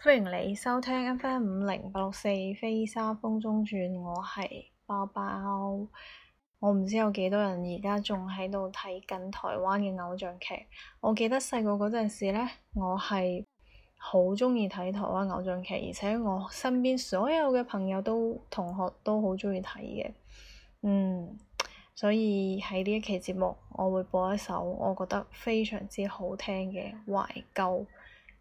歡迎你收聽 FM 五零八六四《飛沙風中轉》，我係包包。我唔知有幾多人而家仲喺度睇緊台灣嘅偶像劇。我記得細個嗰陣時呢，我係好鍾意睇台灣偶像劇，而且我身邊所有嘅朋友都同學都好鍾意睇嘅。嗯，所以喺呢一期節目，我會播一首我覺得非常之好聽嘅懷舊。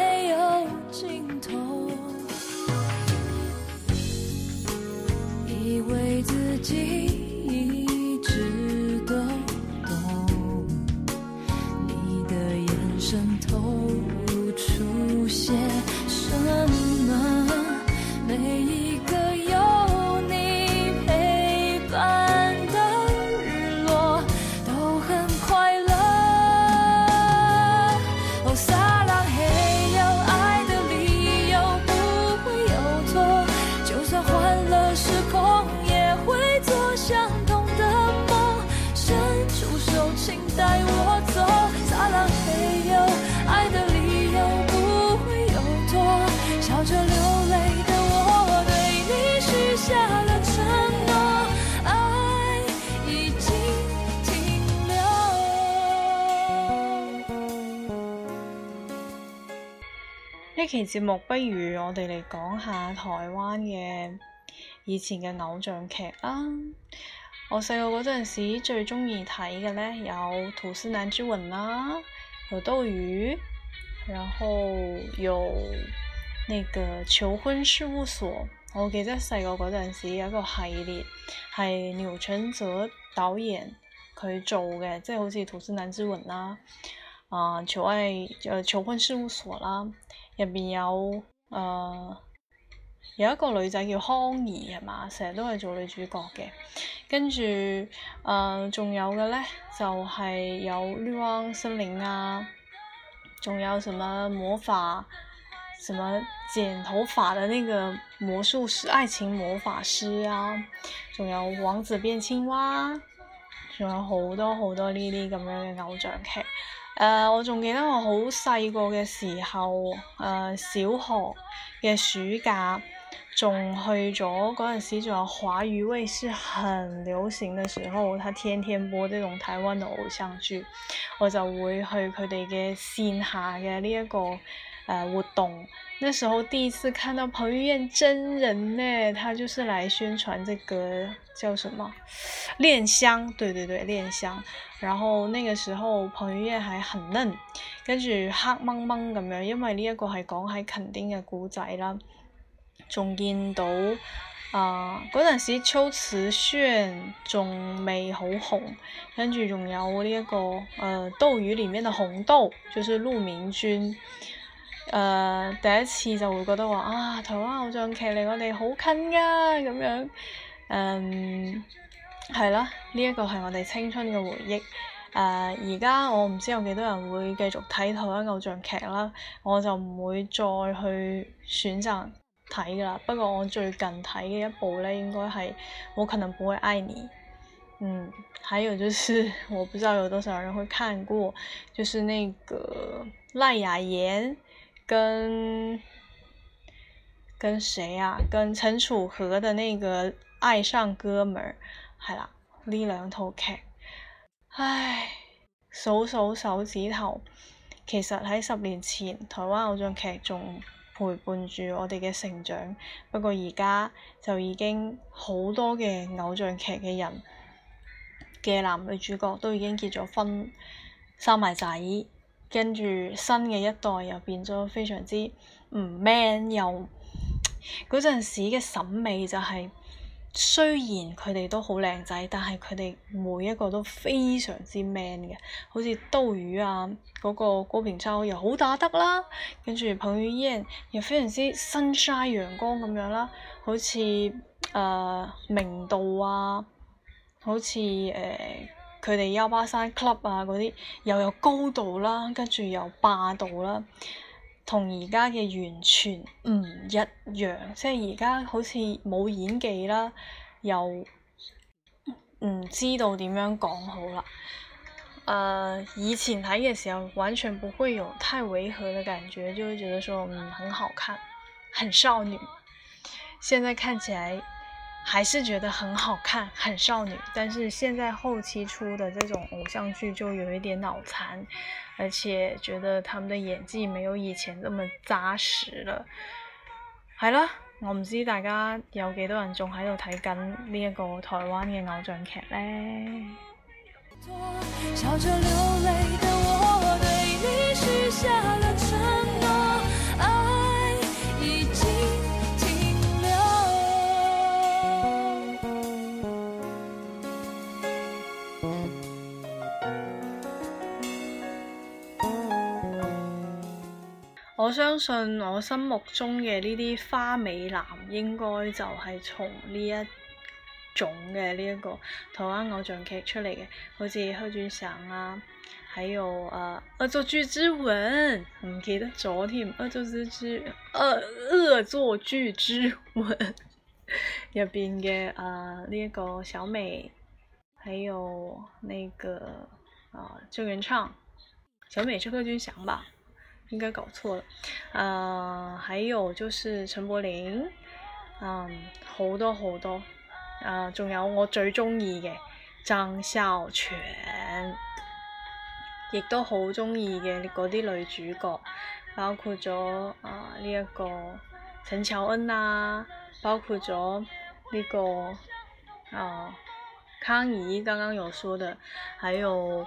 沒有盡頭。以為自己一直。呢期節目不如我哋嚟講下台灣嘅以前嘅偶像劇啊！我細個嗰陣時，時最中意睇嘅咧，有《吐司男之吻》啦，有《鬥魚》，然後有那個《求婚事務所》。我記得細個嗰陣時，時有一個系列係鈕承澤導，導演佢做嘅，即、就、係、是、好似《吐司男之吻》啦。啊，除咗誒求婚事務所啦，入邊有啊、呃，有一個女仔叫康怡係嘛，成日都係做女主角嘅。跟住啊，仲、呃、有嘅咧，就係、是、有綠光森林啊，仲有什麼魔法，什麼剪頭髮的那個魔術師、愛情魔法師啊，仲有王子變青蛙，仲有好多好多呢啲咁樣嘅偶像劇。誒，uh, 我仲記得我好細個嘅時候，誒、uh, 小學嘅暑假，仲去咗嗰陣時仲係華語衛視很流行的時候，佢天天播這種台灣的偶像劇，我就會去佢哋嘅線下嘅呢一個。誒，uh, 我懂，那時候第一次看到彭于晏真人呢，他就是來宣傳這個叫什麼戀香，對對對戀香。然後那個時候彭于晏還很嫩，跟住黑蒙蒙咁樣，因為呢一個係講係墾丁嘅古仔啦。仲見到啊嗰陣時秋瓷炫仲未好紅，跟住仲有呢、這、一個誒、呃、鬥魚裏面的紅豆，就是陸明君。Uh, 第一次就會覺得話啊，台灣偶像劇離我哋好近㗎咁樣，係、um, 啦，呢、這、一個係我哋青春嘅回憶。而、uh, 家我唔知有幾多人會繼續睇台灣偶像劇啦，我就唔會再去選擇睇㗎啦。不過我最近睇嘅一部咧，應該係《我可能不會愛你》。嗯，還有就是我不知道有多少人會看過，就是那個賴雅妍。跟跟誰啊？跟陳楚河的那個愛上哥們，係啦，呢兩套劇，唉，數數手，手指頭，其實喺十年前，台灣偶像劇仲陪伴住我哋嘅成長。不過而家就已經好多嘅偶像劇嘅人嘅男女主角都已經結咗婚，生埋仔。跟住新嘅一代又變咗非常之唔 man，又嗰陣時嘅審美就係，雖然佢哋都好靚仔，但係佢哋每一個都非常之 man 嘅，好似鬥魚啊嗰個郭品超又好打得啦，跟住彭于晏又非常之 sunshine 陽光咁樣啦，好似誒明道啊，好似誒。呃佢哋183 club 啊嗰啲又有高度啦，跟住又霸道啦，同而家嘅完全唔一樣，即係而家好似冇演技啦，又唔知道點樣講好啦。誒、呃，以前睇嘅時候完全唔會有太違和嘅感覺，就會覺得說嗯很好看，很少女。現在看起來，還是覺得很好看，很少女。但是現在後期出的這種偶像劇就有一點腦殘，而且覺得他們的演技沒有以前那麼紮實了。好了，我唔知道大家有幾多人仲喺度睇緊呢一個台灣嘅偶像劇呢？笑着流淚的我對你許下了我相信我心目中嘅呢啲花美男，應該就係從呢一種嘅呢一個台灣偶像劇出嚟嘅，好似賀軍翔啊，還有誒《惡、呃、作劇之吻》，唔記得咗添，《惡作劇之惡惡作劇之吻》入邊嘅誒呢一個小美，還有呢、那個啊鄭、呃、元暢，小美係賀軍翔吧。應該搞錯了，啊、呃，還有就是陳柏霖，啊、呃，好多好多，啊、呃，仲有我最中意嘅張孝全，亦都好中意嘅嗰啲女主角，包括咗啊呢一個陳喬恩啦、啊，包括咗呢、這個啊、呃、康怡，剛剛有說的，還有。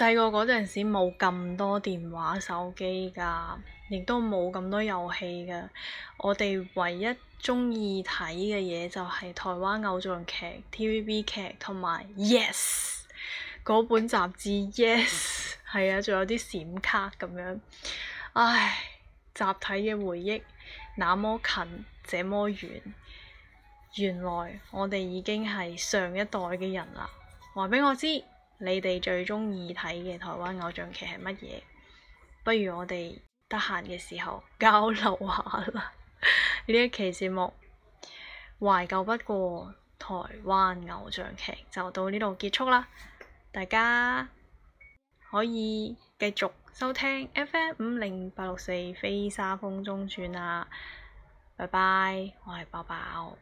細個嗰陣時冇咁多電話手機㗎，亦都冇咁多遊戲㗎。我哋唯一鍾意睇嘅嘢就係台灣偶像劇、TVB 劇同埋 Yes 嗰本雜誌。Yes 係啊，仲有啲閃卡咁樣。唉，集體嘅回憶那麼近，這麼遠，原來我哋已經係上一代嘅人啦。話畀我知。你哋最鍾意睇嘅台灣偶像劇係乜嘢？不如我哋得閒嘅時候交流下啦！呢一期節目懷舊不過台灣偶像劇就到呢度結束啦！大家可以繼續收聽 FM 五零八六四《飛沙風中轉》啊！拜拜，我係寶寶。